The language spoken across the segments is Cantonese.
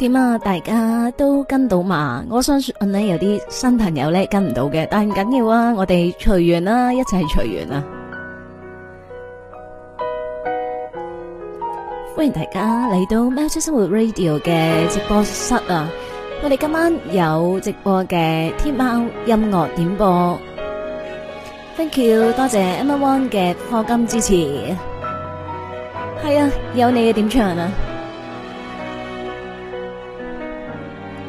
點啊！大家都跟到嘛？我相信咧，有啲新朋友咧跟唔到嘅，但唔緊要，要啊！我哋隨緣啦，一齊隨緣啊。歡迎大家嚟到喵式生活 Radio 嘅直播室啊！我哋今晚有直播嘅天喵音樂點播，thank you 多謝 M One 嘅課金支持，係啊，有你嘅點唱啊！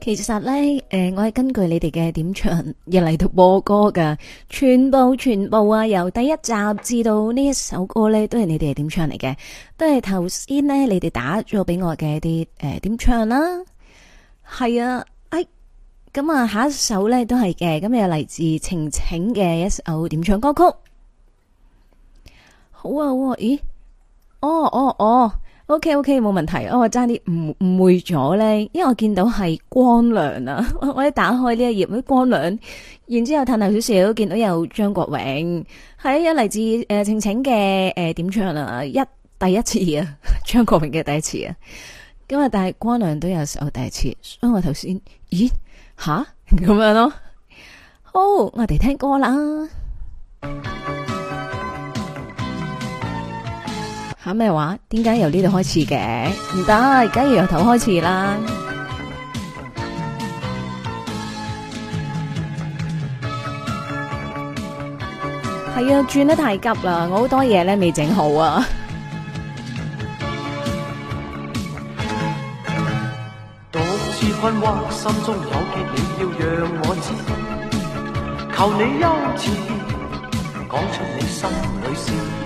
其實呢，誒、呃，我係根據你哋嘅點唱而嚟到播歌㗎，全部全部啊，由第一集至到呢一首歌呢，都係你哋點唱嚟嘅，都係頭先呢，你哋打咗俾我嘅一啲誒、呃、點唱啦。係啊，哎，咁啊，下一首呢都係嘅，咁又嚟自晴晴嘅一首點唱歌曲。好啊，好啊，咦？哦哦哦，OK OK，冇問題。我爭啲誤誤會咗咧，因為我見到係光良啊。我一打開呢一頁，啲光良，然之後褪後少少，見到有張國榮，係有嚟自誒晴晴嘅誒、呃、點唱啊？一第一次啊，張國榮嘅第一次啊。咁啊，但係光良都有首第一次。所以我頭先，咦？吓咁樣咯。好，我哋聽歌啦。吓咩話？點解由呢度開始嘅？唔得，而家要由頭開始啦。係、嗯、啊，轉得太急啦，我多好多嘢咧未整好啊。獨自困惑，心中有結，你要讓我知，求你一次講出你心裏事。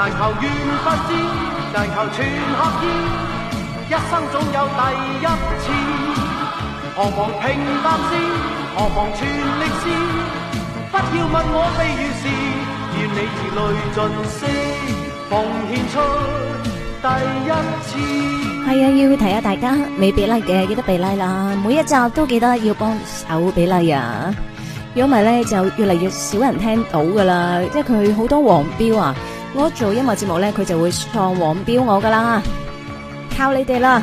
但求願不知，但求全刻意，一生總有第一次。何妨平淡先？何妨全力先？ 不要問我悲與事，願你而淚盡時，奉獻出第一次。係啊，要提下大家，未比 Like 嘅記得比 Like 啦，每一集都記得要幫手比 Like 啊，如果唔係咧就越嚟越少人聽到噶啦，即係佢好多黃標啊我做音樂節目咧，佢就會放黃標我噶啦，靠你哋啦。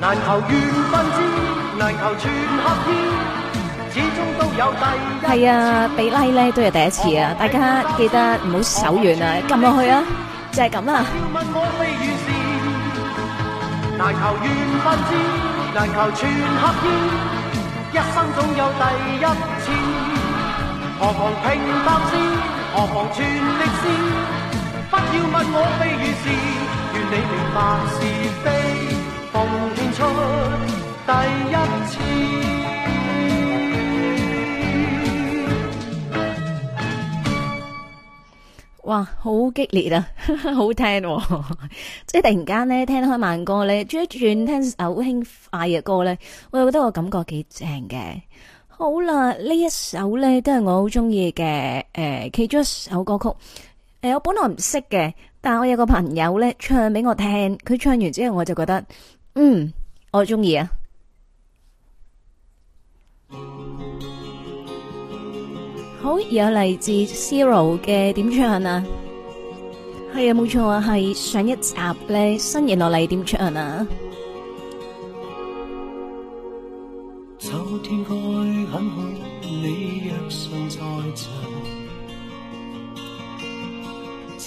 難求緣分之，難求全合意，始終都有第一次，係啊，俾 like 咧都有第一次！大家記得唔好手軟啊，撳落去啊，就係咁啦。不要問我非與是，願你明白是非，奉獻出第一次。哇，好激烈啊！好聽，即係突然間咧，聽開慢歌咧，轉一轉聽首輕快嘅歌咧，我又覺得我感覺幾正嘅。好啦，呢一首咧都係我好中意嘅，誒，其中一首歌曲。誒、哎，我本來唔識嘅，但係我有個朋友咧唱俾我聽，佢唱完之後我就覺得，嗯，我中意啊。好，有嚟自 C 羅嘅點唱啊？係啊，冇錯啊，係上一集咧，新年落嚟點唱啊？秋天該很好，你若尚在場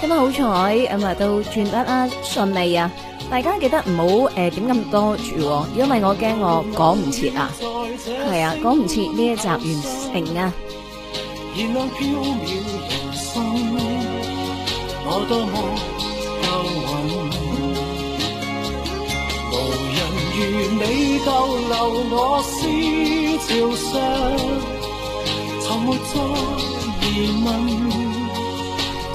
今日好彩咁啊，都轉得啊順利啊！大家記得唔好誒點咁多住，因為我驚我講唔切啊，係啊，講唔切呢一集完成啊！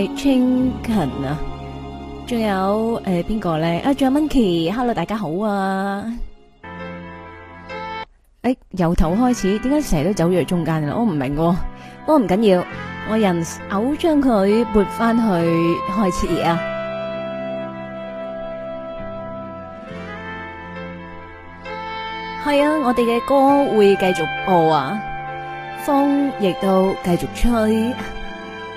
係清琴啊，仲有誒，邊個咧？啊，仲有 monkey，Hello，大家好啊！誒，由頭開始，點解成日都走咗去中間嘅啦？我唔明，我唔緊要，我人偶將佢撥翻去開始啊！係啊，我哋嘅歌會繼續播啊，風亦都繼續吹。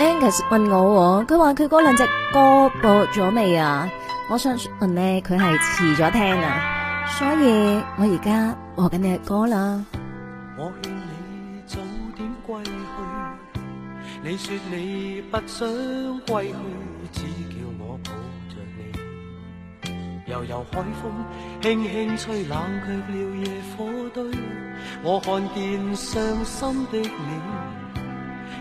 Angus 問我喎。佢話佢嗰兩隻歌播咗未啊？我想問呢，佢係遲咗聽啊。所以我而家學緊你嘅歌啦。我勸你早點歸去。你說你不想歸去，只叫我抱着你。悠悠海風，輕輕吹冷卻了野火堆。我看見傷心的你。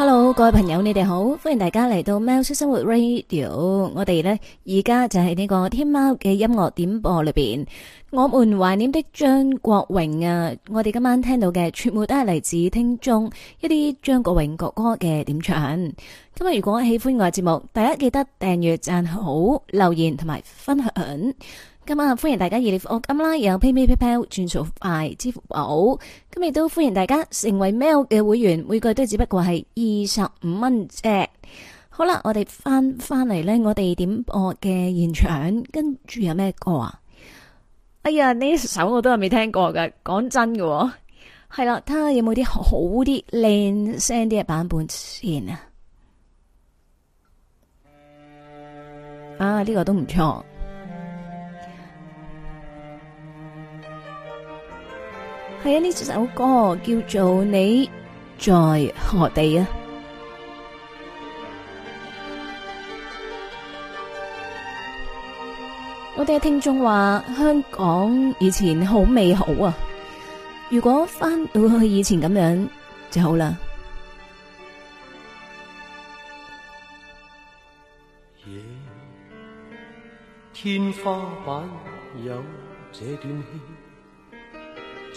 hello，各位朋友，你哋好，歡迎大家嚟到喵式生活 radio，我哋呢而家就係呢個天喵嘅音樂點播裏邊，我們懷念的張國榮啊，我哋今晚聽到嘅全部都係嚟自聽眾一啲張國榮哥哥嘅點唱。今日如果喜歡我嘅節目，大家記得訂閱、讚好、留言同埋分享。今晚歡迎大家熱烈握金啦，我今有 PayPay p a y p a 轉數快，支付寶，今日都歡迎大家成為 Mail 嘅會員，每個月都只不過係二十五蚊啫。好啦，我哋翻翻嚟咧，我哋點播嘅現場，跟住有咩歌啊？哎呀，呢首我都係未聽過嘅，講真嘅、哦，係啦，睇下有冇啲好啲靚聲啲嘅版本先啊！啊，呢、這個都唔錯。係啊，呢首歌叫做《妳在何地》啊！我哋嘅聽眾話，香港以前好美好啊！如果返到去以前咁樣就好啦。天花板有這段戲。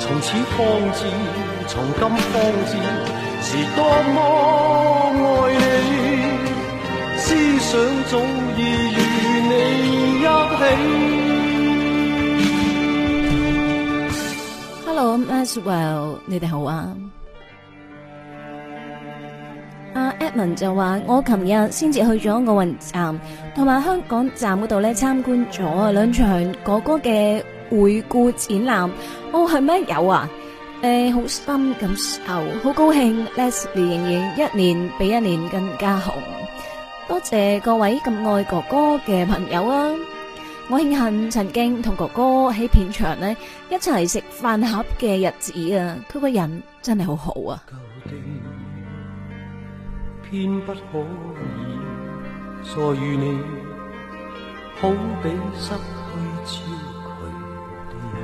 從此方知，從今方知，是多麼愛你。思想早已與你一起。Hello, Miss Well，你哋好啊。Uh, Edmond 就話：「我琴日先至去咗奧運站，同埋香港站嗰度呢，參觀咗兩場哥哥嘅。」回顧展覽，哦係咩有啊？誒，好心感受，好高興。Leslie 仍然一年比一年更加紅，多謝各位咁愛哥哥嘅朋友啊！我慶幸曾經同哥哥喺片場呢一齊食飯盒嘅日子啊，佢個人真係好好啊！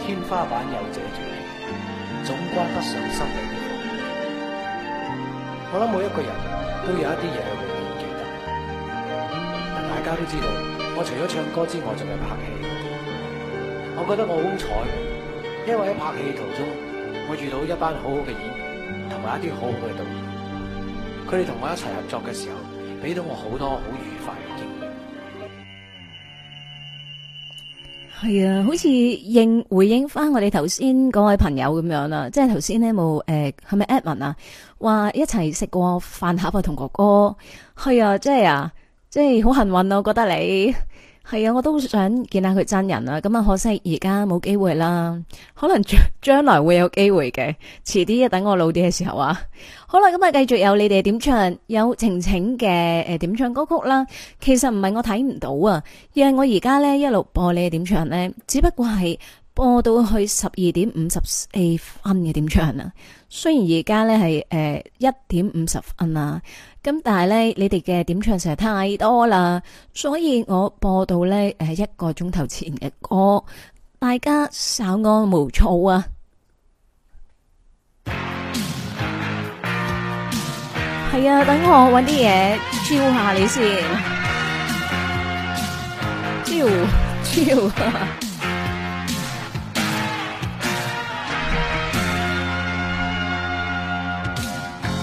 天花板有遮住，你，總關不上心的。我諗每一個人都有一啲嘢係永遠記得。大家都知道，我除咗唱歌之外仲係拍戲。我覺得我好彩，因為喺拍戲途中，我遇到一班好好嘅演員，同埋一啲好好嘅導演。佢哋同我一齊合作嘅時候，俾到我好多好。係啊，好似應回應翻我哋頭先嗰位朋友咁樣啦，即係頭先咧，冇誒，係咪 Edwin 啊？話一齊食過飯盒啊，同哥哥係啊，即係啊，即係好幸運啊，我覺得你。係啊，我都想見下佢真人啦，咁啊可惜而家冇機會啦，可能將將來會有機會嘅，遲啲啊等我老啲嘅時候啊， 好啦，咁啊繼續有你哋點唱，有晴晴嘅誒點唱歌曲啦，其實唔係我睇唔到啊，而係我而家呢一路播你哋點唱呢，只不過係播到去十二點五十四分嘅點唱啦，雖然而家呢係誒一點五十分啦。咁但係咧，你哋嘅點唱實在太多啦，所以我播到咧誒一個鐘頭前嘅歌，大家稍安勿躁啊！係 啊，等我搵啲嘢跳下你先，跳跳。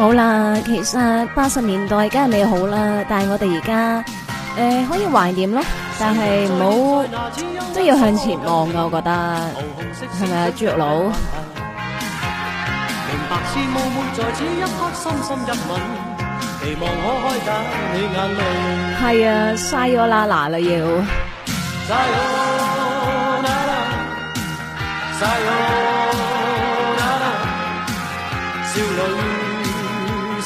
好啦，其實八十年代梗係美好啦，但係我哋而家誒可以懷念咯，但係唔好都要向前望啊，我覺得係咪啊，豬肉佬？係啊，嘥咗啦嗱啦要。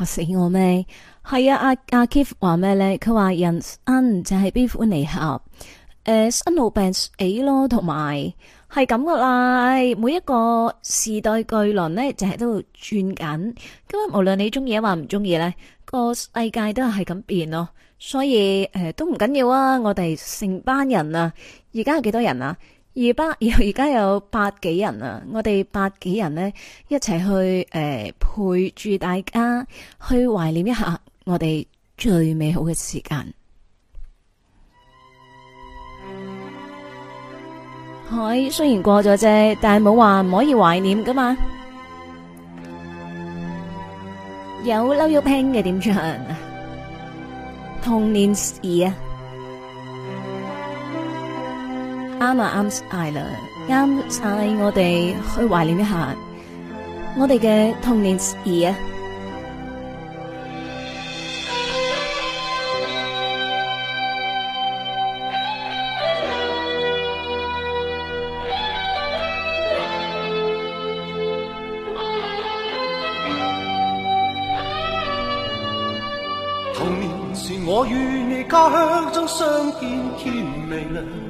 嚇死我咩？係啊，阿阿 Kif 話咩咧？佢、啊、話人生就係悲歡離合，誒、呃，生老病死咯，同埋係咁噶啦。每一個時代巨輪咧，就係都轉緊。咁無論你中意啊，話唔中意咧，個世界都係咁變咯。所以誒、呃，都唔緊要啊。我哋成班人啊，而家有幾多人啊？二百，而家有百幾人啊！我哋百幾人呢，一齊去誒陪住大家，去懷念一下我哋最美好嘅時間。海、哎、雖然過咗啫，但係冇話唔可以懷念噶嘛。有嬲有拼嘅點唱？童年時啊！啱啊，啱曬啦，啱曬！我哋去懷念一下我哋嘅童年時啊！童年時，我與你家鄉中相見天明。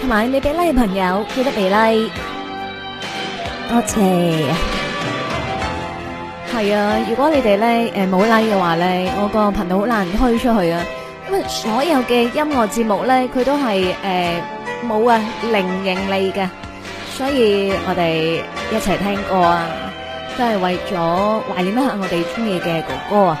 同埋你俾拉嘅朋友記得俾拉，多謝。係啊，如果你哋咧誒冇拉嘅話咧，我個頻道好難推出去啊。因為所有嘅音樂節目咧，佢都係誒冇啊零盈利嘅，所以我哋一齊聽歌啊，都係為咗懷念一下我哋中意嘅哥哥啊。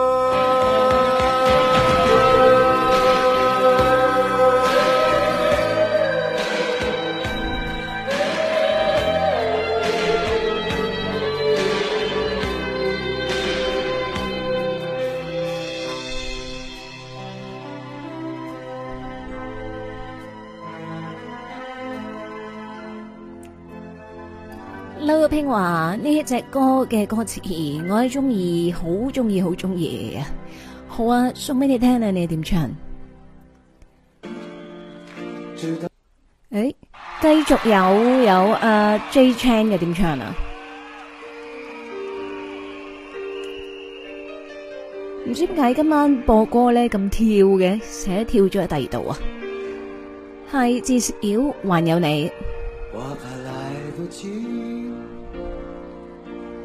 收個聽話，呢一隻歌嘅歌詞，我係中意，好中意，好中意啊！好啊，送俾你聽啦、啊，你點唱？誒、欸，繼續有有阿 Jay Chang 嘅點唱啊？唔知點解今晚播歌咧咁跳嘅，成日跳咗喺第二度啊！係至少還有你。我怕來不及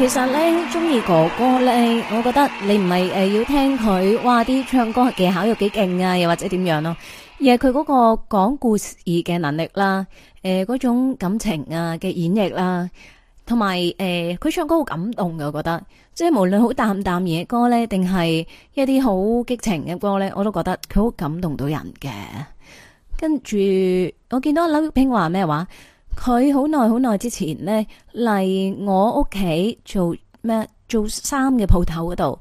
其實咧，中意哥哥咧，我覺得你唔係誒要聽佢，哇啲唱歌技巧又幾勁啊，又或者點樣咯？而係佢嗰個講故事嘅能力啦，誒、呃、嗰種感情啊嘅演繹啦，同埋誒佢唱歌好感動嘅，我覺得即係無論好淡淡嘢歌咧，定係一啲好激情嘅歌咧，我都覺得佢好感動到人嘅。跟住我見到劉玉萍話咩話？佢好耐好耐之前呢，嚟我屋企做咩做衫嘅鋪頭嗰度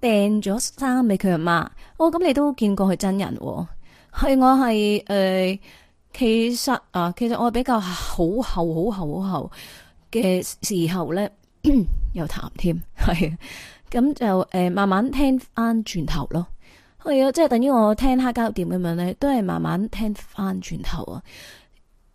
訂咗衫俾佢阿媽。哦，咁你都見過佢真人喎？哦？係我係誒、呃，其實啊，其實我係比較好厚、好厚、好厚嘅時候呢，又談添。係咁就誒、呃，慢慢聽翻轉頭咯。係啊，即係等於我聽黑膠碟咁樣咧，都係慢慢聽翻轉頭啊。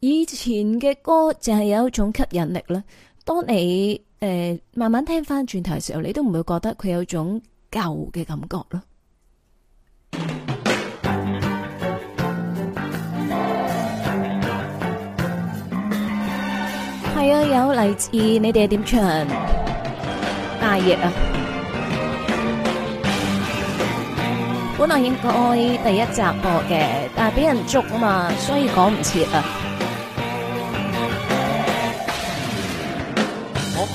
以前嘅歌就係有一種吸引力啦。當你誒、呃、慢慢聽翻轉頭嘅時候，你都唔會覺得佢有一種舊嘅感覺咯。係、嗯、 啊，有嚟自你哋點唱？ 大熱啊， 本來應該第一集播嘅，但係俾人捉啊嘛，所以講唔切啊。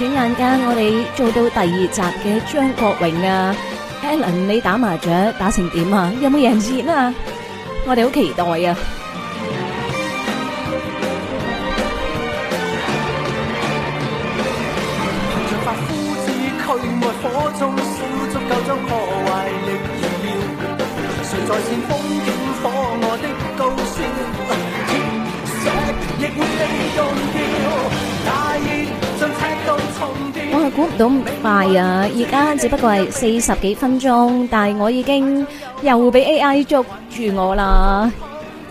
轉眼間，我哋做到第二集嘅張國榮啊，Allen，你打麻雀打成點啊？有冇人接啊？我哋好期待啊！都唔快啊！而家只不過係四十幾分鐘，但係我已經又俾 AI 捉住我啦。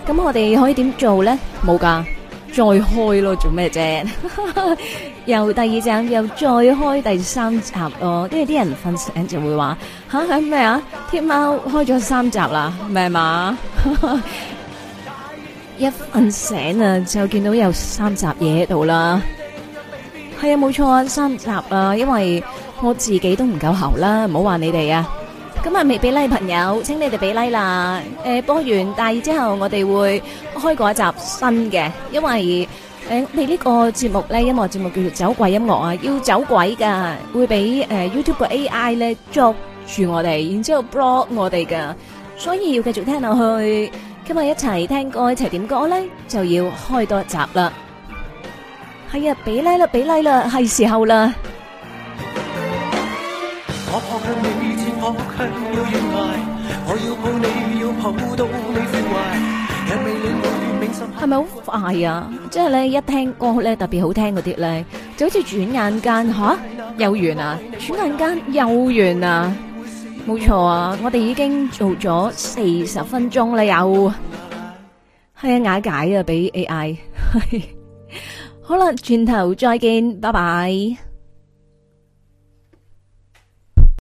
咁我哋可以點做咧？冇噶，再開咯，做咩啫？ 又第二集，又再開第三集咯。跟住啲人瞓醒就會話：吓係咩啊？天、啊、貓、啊、開咗三集啦，咩嘛、啊？ 一瞓醒啊，就見到有三集嘢喺度啦。係啊，冇錯啊，三集啊，因為我自己都唔夠喉啦，唔好話你哋啊。咁啊，未俾 like 朋友，請你哋俾 like 啦。誒，播完第二之後，我哋會開過一集新嘅，因為誒，你呢個節目咧，音樂節目叫做走鬼音樂啊，要走鬼噶，會俾誒 YouTube 嘅 AI 咧捉住我哋，然之後 block 我哋噶，所以要繼續聽落去，今日一齊聽歌一齊點歌咧，就要開多一集啦。係啊，俾啦啦，俾啦啦，係時候啦。係咪好快啊？即係咧一聽歌咧特別好聽嗰啲咧，就好似轉眼間吓又完啦，轉眼間又完啦，冇錯啊！我哋已經做咗四十分鐘啦，又係啊，瓦解啊，俾 AI。好啦，轉頭再見，拜拜。